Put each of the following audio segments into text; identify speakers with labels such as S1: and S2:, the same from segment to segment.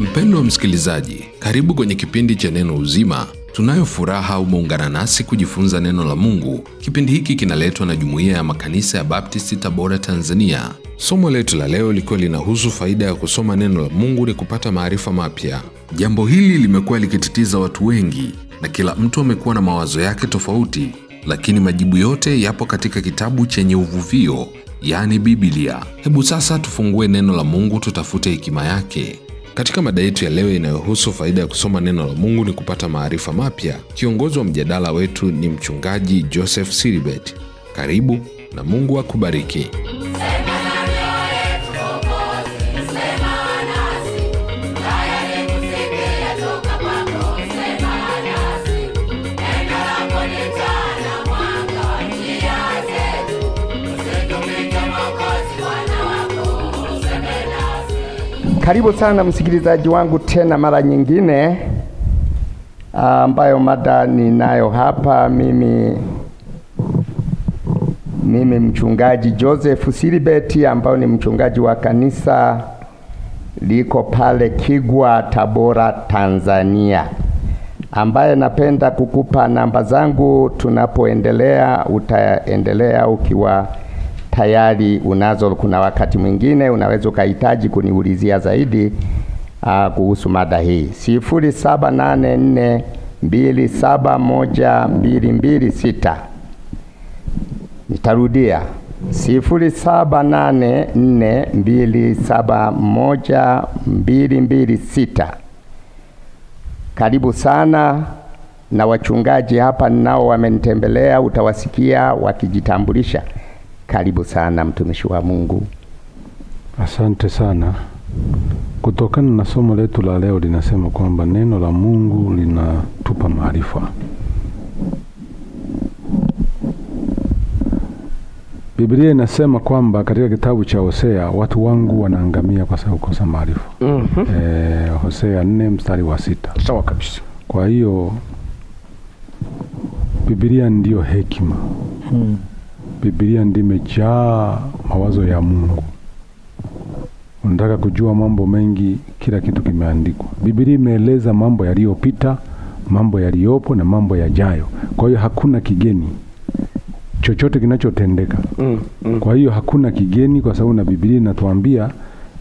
S1: Mpendo wa msikilizaji, karibu kwenye kipindi cha Neno Uzima. Tunayo furaha umeungana nasi kujifunza neno la Mungu. Kipindi hiki kinaletwa na Jumuiya ya Makanisa ya Baptisti, Tabora, Tanzania. Somo letu la leo likiwa linahusu faida ya kusoma neno la Mungu ni kupata maarifa mapya. Jambo hili limekuwa likititiza watu wengi na kila mtu amekuwa na mawazo yake tofauti, lakini majibu yote yapo katika kitabu chenye uvuvio, yaani Biblia. Hebu sasa tufungue neno la Mungu, tutafute hekima yake katika mada yetu ya leo inayohusu faida ya kusoma neno la Mungu ni kupata maarifa mapya, kiongozi wa mjadala wetu ni mchungaji Joseph siribet Karibu na Mungu akubariki.
S2: Karibu sana msikilizaji wangu tena mara nyingine, ah, ambayo mada ninayo hapa mimi mimi mchungaji Joseph Silibeti ambayo ni mchungaji wa kanisa liko pale Kigwa, Tabora, Tanzania, ambaye napenda kukupa namba zangu. Tunapoendelea utaendelea ukiwa tayari unazo. Kuna wakati mwingine unaweza ukahitaji kuniulizia zaidi aa, ah, kuhusu mada hii. sifuri saba nane nne mbili saba moja mbili mbili sita. Nitarudia sifuri saba nane nne mbili saba moja mbili mbili sita. Karibu sana na wachungaji hapa nao wamenitembelea, utawasikia wakijitambulisha. Karibu sana mtumishi wa Mungu.
S3: Asante sana. Kutokana na somo letu la leo linasema kwamba neno la Mungu linatupa maarifa. Biblia inasema kwamba katika kitabu cha Hosea watu wangu wanaangamia kwa sababu kosa maarifa. mm -hmm. E, Hosea nne mstari wa sita. Sawa kabisa. Kwa hiyo Biblia ndiyo hekima. mm. Biblia ndimejaa mawazo ya Mungu. Unataka kujua mambo mengi, kila kitu kimeandikwa. Biblia imeeleza mambo yaliyopita, mambo yaliyopo na mambo yajayo. Kwa hiyo hakuna kigeni chochote kinachotendeka. mm, mm. Kwa hiyo hakuna kigeni, kwa sababu na Biblia inatuambia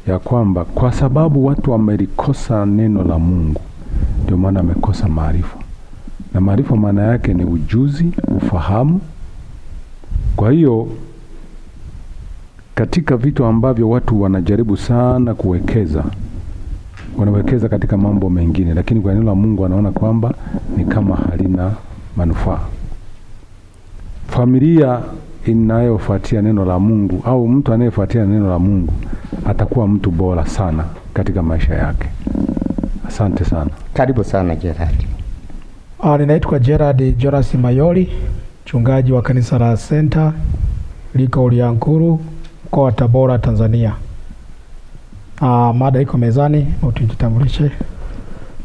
S3: ya kwamba kwa sababu watu wamelikosa neno la Mungu, ndio maana wamekosa maarifa, na maarifa maana yake ni ujuzi, ufahamu kwa hiyo katika vitu ambavyo watu wanajaribu sana kuwekeza, wanawekeza katika mambo mengine, lakini kwa neno la Mungu anaona kwamba ni kama halina manufaa. Familia inayofuatia neno la Mungu au mtu anayefuatia neno la Mungu atakuwa mtu bora sana katika maisha yake. Asante sana. Karibu sana Gerard.
S4: Ah, ninaitwa Gerard Jonas Mayoli mchungaji wa kanisa la Center liko Uliankuru, mkoa wa Tabora, Tanzania. Aa, ah, mada iko mezani, utujitambulishe.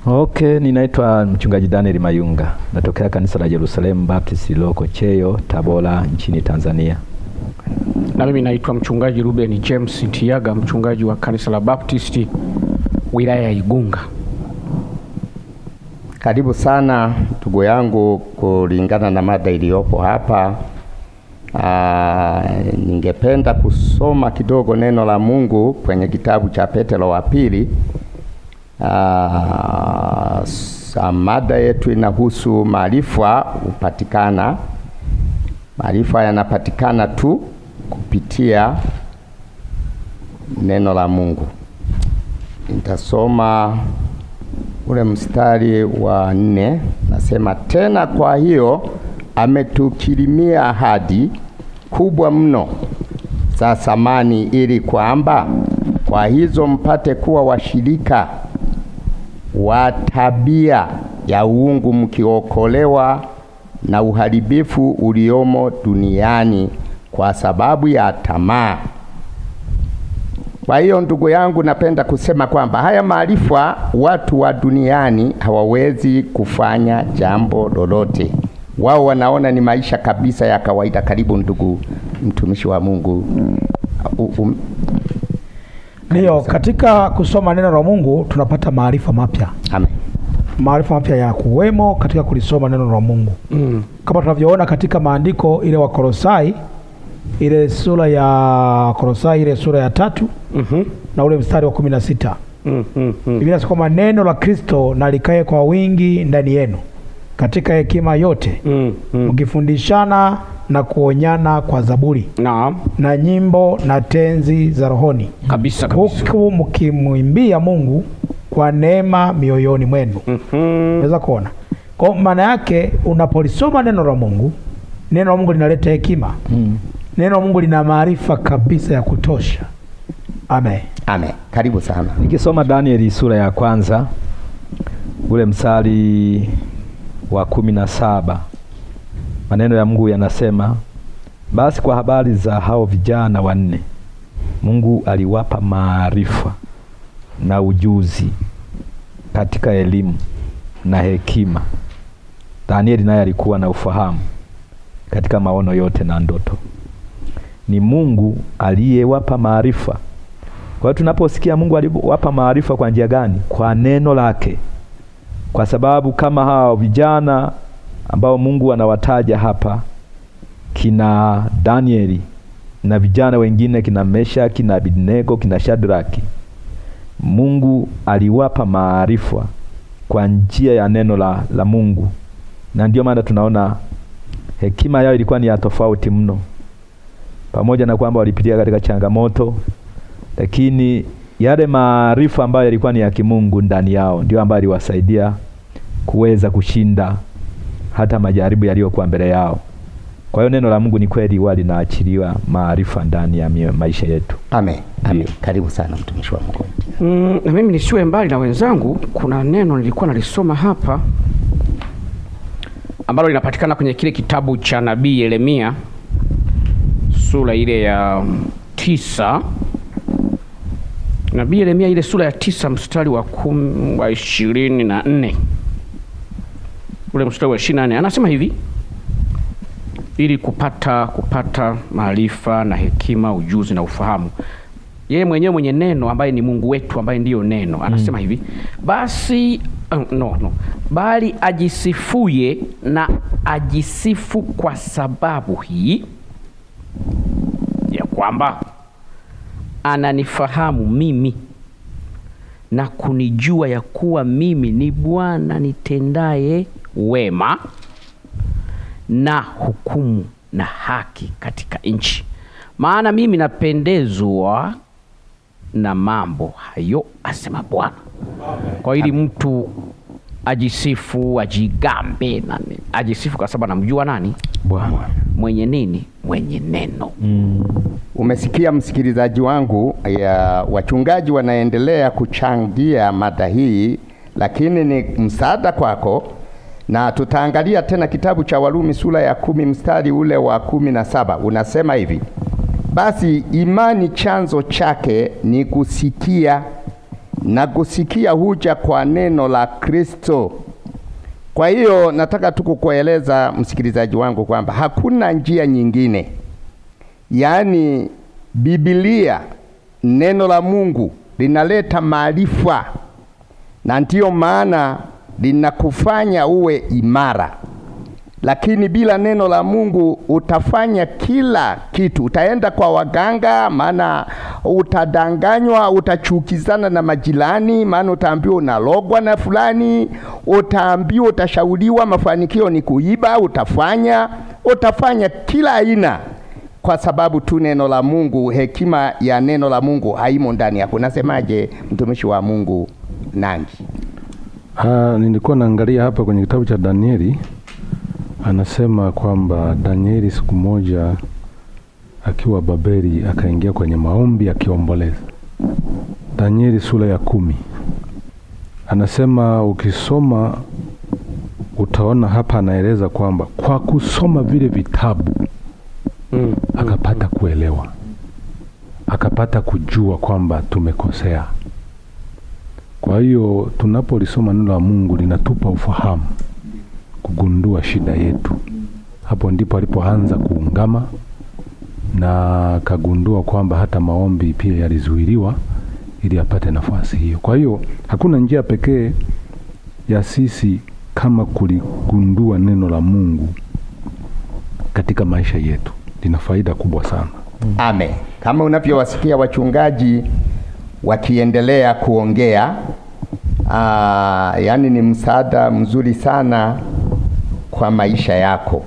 S5: Okay, ninaitwa mchungaji Daniel Mayunga, natokea kanisa la Jerusalem Baptist liloko Cheyo, Tabora nchini Tanzania. Na mimi
S6: naitwa mchungaji Ruben James Tiaga, mchungaji wa kanisa la Baptisti wilaya ya Igunga.
S2: Karibu sana ndugu yangu, kulingana na mada iliyopo hapa. Aa, ah, ningependa kusoma kidogo neno la Mungu kwenye kitabu cha petelo wa pili. Ah, mada yetu inahusu maarifa hupatikana, maarifa yanapatikana tu kupitia neno la Mungu. Nitasoma ule mstari wa nne, nasema tena, kwa hiyo ametukirimia ahadi kubwa mno za samani, ili kwamba kwa hizo mpate kuwa washirika wa tabia ya uungu, mkiokolewa na uharibifu uliomo duniani kwa sababu ya tamaa kwa hiyo ndugu yangu, napenda kusema kwamba haya maarifa, watu wa duniani hawawezi kufanya jambo lolote. Wao wanaona ni maisha kabisa ya kawaida. Karibu ndugu mtumishi wa Mungu. Um,
S4: ndiyo, katika kusoma neno la Mungu tunapata maarifa mapya. Amen. Maarifa mapya ya kuwemo katika kulisoma neno la Mungu mm. Kama tunavyoona katika maandiko ile Wakolosai ile sura ya Kolosai ile sura ya tatu mm -hmm. na ule mstari wa kumi na sita mm -hmm. Biblia kwamba neno la Kristo na likae kwa wingi ndani yenu katika hekima yote mm, mm. mkifundishana mm -hmm. na kuonyana kwa zaburi na, na nyimbo na tenzi za rohoni kabisa, kabisa. huku mkimwimbia Mungu kwa neema mioyoni mwenu mm -hmm. kuona kwa maana yake unapolisoma neno la Mungu, neno la Mungu linaleta hekima mm. Neno la Mungu lina maarifa kabisa ya kutosha. Amen.
S5: Amen. Karibu sana. Nikisoma Danieli sura ya kwanza ule msali wa kumi na saba maneno ya Mungu yanasema, basi kwa habari za hao vijana wanne Mungu aliwapa maarifa na ujuzi katika elimu na hekima. Danieli naye alikuwa na ufahamu katika maono yote na ndoto ni Mungu aliyewapa maarifa. Kwa hiyo tunaposikia Mungu aliwapa maarifa kwa njia gani? Kwa neno lake, kwa sababu kama hao vijana ambao Mungu anawataja hapa, kina Danieli na vijana wengine, kina mesha kina Abidnego, kina Shadraki, Mungu aliwapa maarifa kwa njia ya neno la, la Mungu, na ndio maana tunaona hekima yao ilikuwa ni ya tofauti mno pamoja na kwamba walipitia katika changamoto, lakini yale maarifa ambayo yalikuwa ni ya kimungu ndani yao ndio ambayo aliwasaidia kuweza kushinda hata majaribu yaliyokuwa mbele yao. Kwa hiyo neno la Mungu ni kweli, wa linaachiliwa maarifa ndani ya maisha yetu. Amen. Amen. Karibu sana mtumishi wa Mungu.
S6: Mm, na mimi nisiwe mbali na wenzangu, kuna neno nilikuwa nalisoma hapa ambalo linapatikana kwenye kile kitabu cha nabii Yeremia sura ile ya tisa nabii Yeremia ile sura ya tisa mstari wa kumi wa ishirini na nne ule mstari wa ishirini na nne anasema hivi ili kupata kupata maarifa na hekima, ujuzi na ufahamu. Yeye mwenyewe mwenye neno ambaye ni Mungu wetu ambaye ndiyo neno mm. anasema mm. hivi basi uh, no, no. Bali ajisifuye na ajisifu kwa sababu hii ya kwamba ananifahamu mimi na kunijua ya kuwa mimi ni Bwana nitendaye wema na hukumu na haki katika nchi, maana mimi napendezwa na mambo hayo, asema Bwana. Kwa ili mtu ajisifu, ajigambe nani, ajisifu kwa sababu anamjua nani Bwana mwenye nini, mwenye neno mm.
S2: Umesikia msikilizaji wangu, ya wachungaji wanaendelea kuchangia mada hii, lakini ni msaada kwako, na tutaangalia tena kitabu cha Warumi sura ya kumi mstari ule wa kumi na saba unasema hivi: basi imani chanzo chake ni kusikia na kusikia huja kwa neno la Kristo. Kwa hiyo nataka tu kukueleza msikilizaji wangu kwamba hakuna njia nyingine, yaani Biblia, neno la Mungu linaleta maarifa, na ndiyo maana linakufanya uwe imara lakini bila neno la Mungu utafanya kila kitu. Utaenda kwa waganga, maana utadanganywa, utachukizana na majirani, maana utaambiwa unalogwa na fulani, utaambiwa, utashauriwa mafanikio ni kuiba, utafanya, utafanya kila aina, kwa sababu tu neno la Mungu, hekima ya neno la Mungu haimo ndani yako. Unasemaje mtumishi wa Mungu Nangi?
S3: Ah, nilikuwa naangalia hapa kwenye kitabu cha Danieli anasema kwamba Danieli siku moja akiwa Babeli akaingia kwenye maombi akiomboleza. Danieli sura ya kumi anasema ukisoma utaona hapa, anaeleza kwamba kwa kusoma vile vitabu mm, mm. akapata kuelewa, akapata kujua kwamba tumekosea. Kwa hiyo tunapolisoma neno la Mungu linatupa ufahamu kugundua shida yetu. Hapo ndipo alipoanza kuungama na kagundua kwamba hata maombi pia yalizuiliwa ili apate nafasi hiyo. Kwa hiyo hakuna njia pekee ya sisi kama kuligundua neno la Mungu katika maisha yetu. Lina faida kubwa sana.
S2: Amen. Kama unavyowasikia wachungaji wakiendelea kuongea, aa, yani ni msaada mzuri sana kwa maisha yako,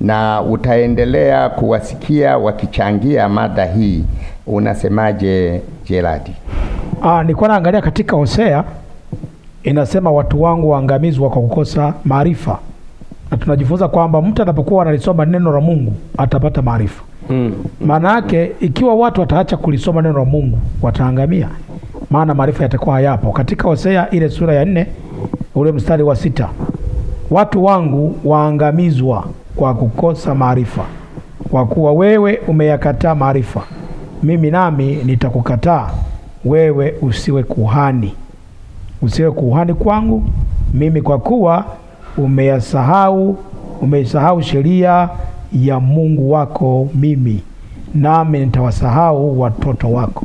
S2: na utaendelea kuwasikia wakichangia mada hii. Unasemaje Gerard?
S4: Ah, nilikuwa naangalia katika Hosea inasema watu wangu waangamizwa kwa kukosa maarifa, na tunajifunza kwamba mtu anapokuwa analisoma neno la Mungu atapata maarifa. Hmm. Maana mm. ikiwa watu wataacha kulisoma neno la Mungu wataangamia, maana maarifa yatakuwa hayapo. Katika Hosea ile sura ya nne ule mstari wa sita watu wangu waangamizwa kwa kukosa maarifa, kwa kuwa wewe umeyakataa maarifa, mimi nami nitakukataa wewe, usiwe kuhani, usiwe kuhani kwangu mimi, kwa kuwa umeyasahau, umeisahau sheria ya Mungu wako mimi, nami nitawasahau watoto wako.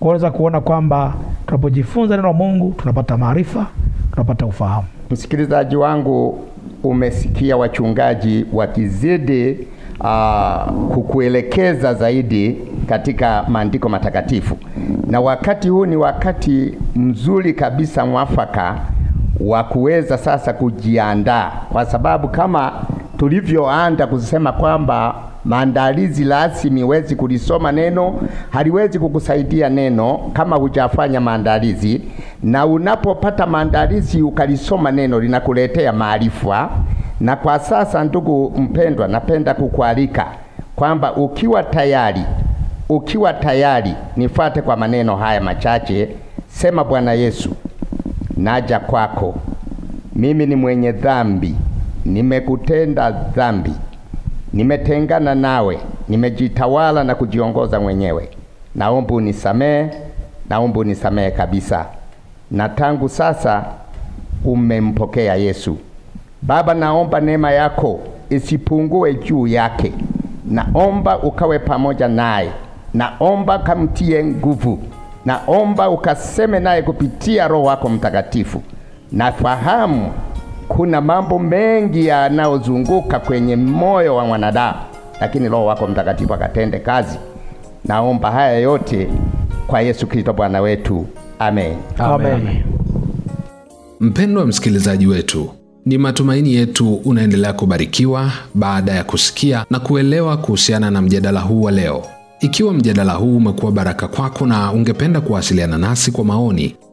S4: Unaweza kuona kwamba tunapojifunza neno la Mungu tunapata maarifa, tunapata ufahamu.
S2: Msikilizaji wangu, umesikia wachungaji wakizidi uh, kukuelekeza zaidi katika maandiko matakatifu, na wakati huu ni wakati mzuri kabisa mwafaka wa kuweza sasa kujiandaa, kwa sababu kama tulivyoanda kusema kwamba maandalizi rasmi, wezi kulisoma neno, haliwezi kukusaidia neno kama hujafanya maandalizi. Na unapopata maandalizi ukalisoma neno, linakuletea maarifa. Na kwa sasa, ndugu mpendwa, napenda kukualika kwamba ukiwa tayari, ukiwa tayari, nifate kwa maneno haya machache. Sema, Bwana Yesu, naja kwako, mimi ni mwenye dhambi, nimekutenda dhambi nimetengana nawe, nimejitawala na kujiongoza mwenyewe. Naomba unisamehe, naomba unisamehe kabisa. Na tangu sasa umempokea Yesu. Baba, naomba neema yako isipungue juu yake, naomba ukawe pamoja naye, naomba kamtie nguvu, naomba ukaseme naye kupitia Roho wako Mtakatifu. Nafahamu kuna mambo mengi yanayozunguka kwenye moyo wa mwanadamu, lakini Roho wako Mtakatifu akatende kazi. Naomba haya yote kwa
S1: Yesu Kristo Bwana wetu, amen. Amen. Amen. Mpendwa msikilizaji wetu, ni matumaini yetu unaendelea kubarikiwa baada ya kusikia na kuelewa kuhusiana na mjadala huu wa leo. Ikiwa mjadala huu umekuwa baraka kwako na ungependa kuwasiliana nasi kwa maoni